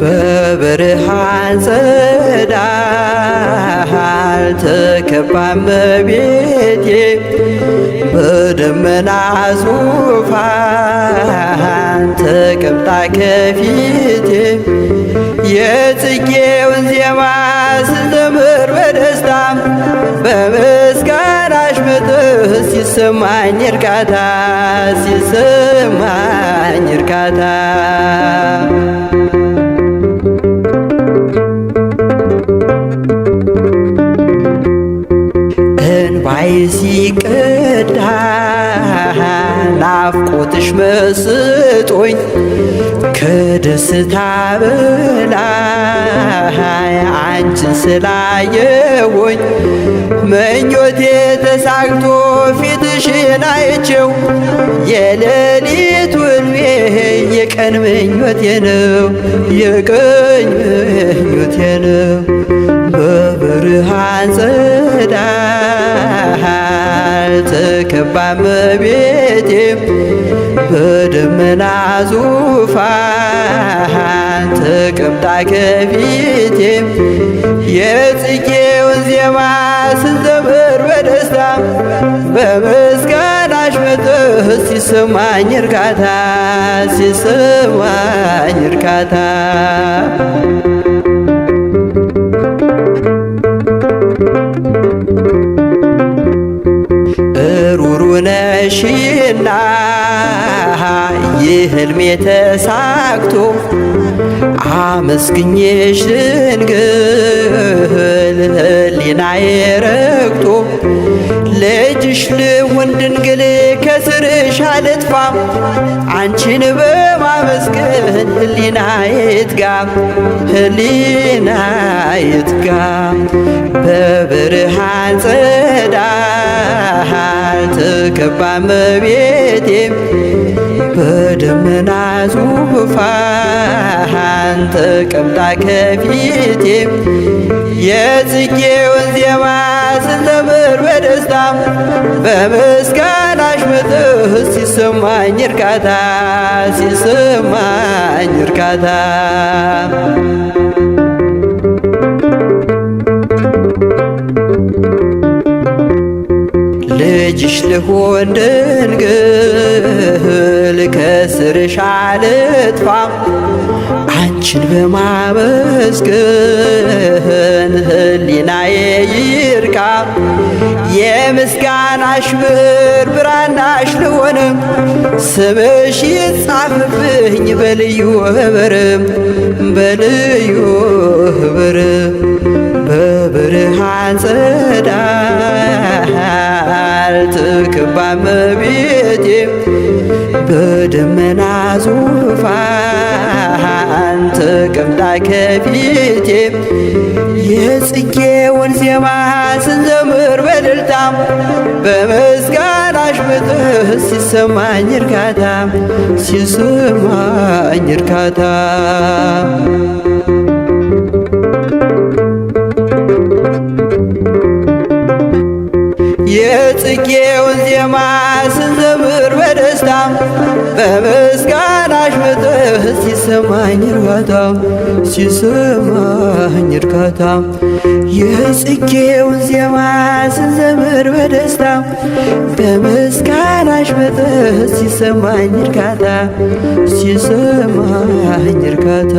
በብርሃን ጸዳል ተከባን በቤቴ በደመና ዙፋን ተቀምጣ ከፊቴ የጽጌውን ዜማ ስዘምር በደስታ በምስጋናሽ ምጥህ ሲሰማኝ እርካታ ሲሰማኝ እርካታ እንባይ ሲቀዳ ናፍቆትሽ መስጦኝ ከደስታ በላይ አንቺን ስላየሁኝ ምኞቴ ተሳግቶ ፊትሽን አይቼው የሌሊት ውልቤ የቀን ምኞቴ ነው የቀን ምኞቴ ነው በብርሃን ጸዳ የተከባ እመቤቴ በደመና ዙፋን ተቀምጣ ከፊቴ የጽጌውን ዜማ ስንዘምር በደስታ በምስጋናሽ መጥህ ሲሰማኝ እርካታ ሲሰማኝ እርካታ ነሽና የህልሜ ተሳክቶ አመስግኜሽ ድንግል ህሊናዬ ረግቶ ልጅሽ ልሁን ድንግል ከስርሽ አልጥፋ አንቺን በማመስገን ህሊናዬ ትጋ ህሊናዬ ትጋ በብርሃን ጸዳ ፀሐይ ተከባ መቤቴ በደመና ዙፋን ተቀምጣ ከፊቴ የጽጌውን ዜማ ስዘምር በደስታ በምስጋናሽ ምትህ ሲሰማኝ እርካታ ሲሰማኝ እርካታ ደጅሽ ልሁን ድንግል ከስርሽ አልጥፋ አንቺን በማመስገን ህሊናዬ ይርካ የምስጋናሽ ብር ብራናሽ ልሆን ስምሽ ይጻፍብኝ በልዩ ህብርም በልዩ ህብርም በብርሃን ጸዳ ጽጌ ወንዝ ስንዘምር በደልታ በምስጋናሽ ብጥህ ሲሰማኝ እርካታ ሲሰማኝ እርካታ የጽጌውን ዜማ ስንዘምር በደስታ እርጥብ ሲሰማኝ እርካታ ሲሰማኝ እርካታ የጽጌውን ዜማ ስንዘምር በደስታ በምስጋናሽ መጠን ሲሰማኝ እርካታ ሲሰማኝ እርካታ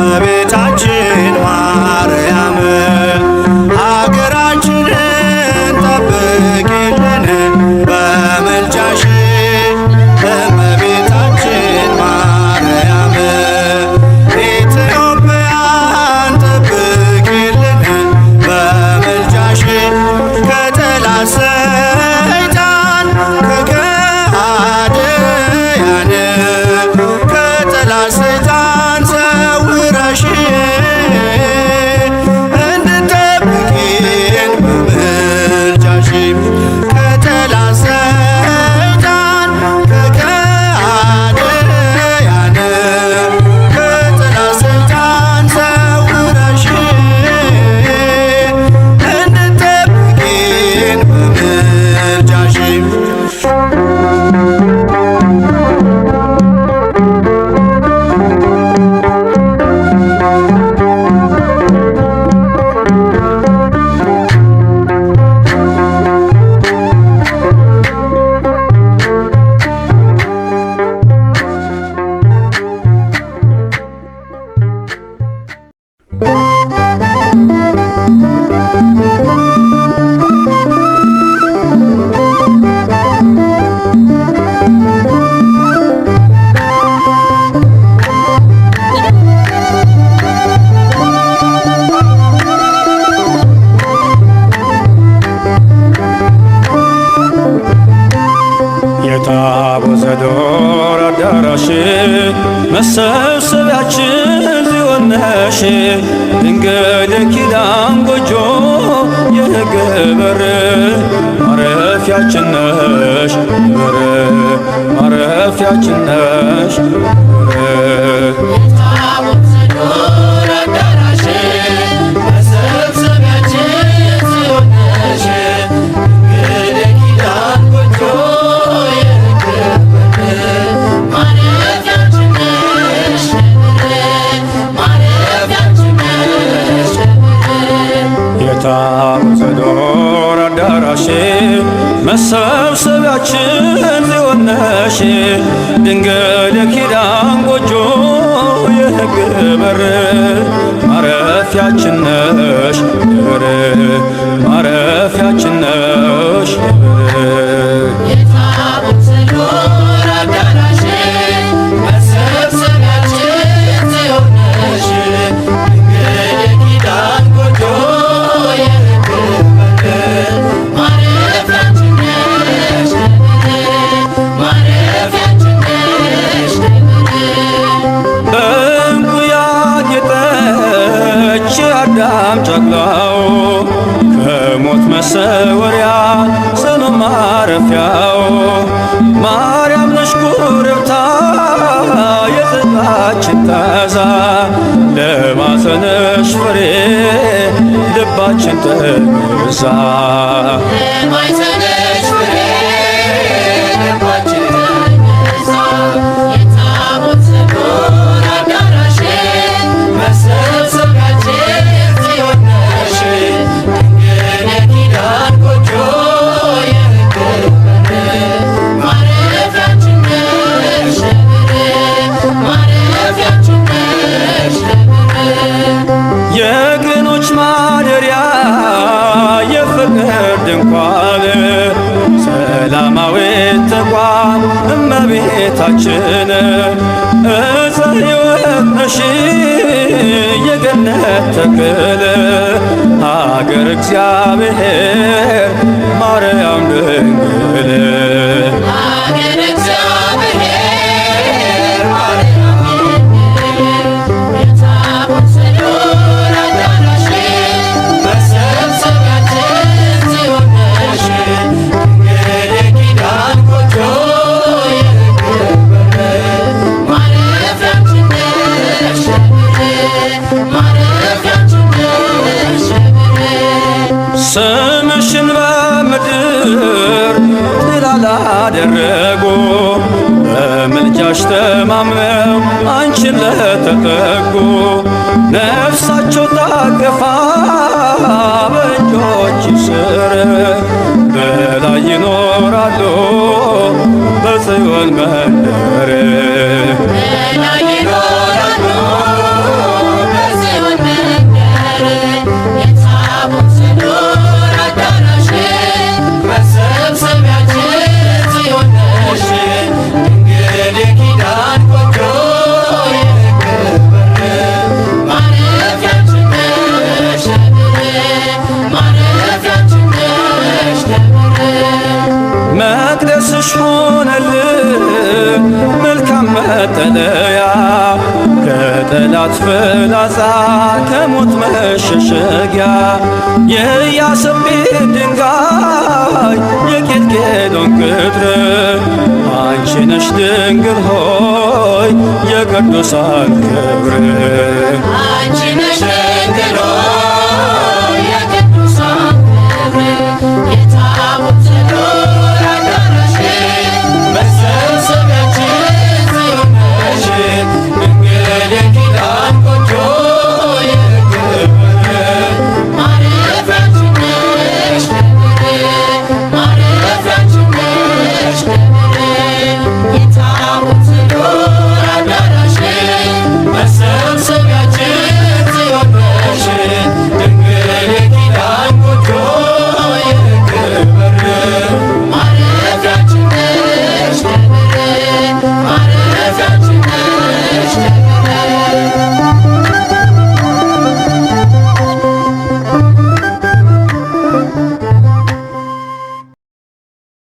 Elevate. ጌታ በዘዶር አዳራሽ መሰብሰቢያችን ዚዮን ነሽ ድንግል የኪዳን ጎጆ የሕግ በር ማረፊያችን ነሽ በር ማረፊያችን ነሽ መሰብሰቢያችን ሆነሽ ድንግል የኪዳን ጎጆ የሕግ በር ማረፊያችን ነሽ ማረፊያችን ነሽ መሰወሪያ ጽኑ ማረፊያው ማርያም ነሽ ኮረብታ የፍቅራችን ጠዛ ለማኅፀንሽ ፍሬ ልባችን ተገዛ እናታችን እፀ ሕይወት የገነት ተክል ሀገር እግዚአብሔር ማርያም ስምሽን በምድር ድል አላደረጉ በምልጃሽ ተማምነው አንቺን ለተጠጉ ነፍሳቸው ታቀፋ በእጆችሽ ስር በላይ ይኖራሉ በጽዮን መንደር መቅደስሽ ሆነልኝ መልካም መጠለያ ከጠላት ፍላጻ ከሞት መሸሸጊያ የኢያሰጲድ ድንጋይ የኬልቄዶን ቅጥር አንቺ ነሽ ድንግል ሆይ የቅዱሳን ክብር አንቺ ነሽ ድንግል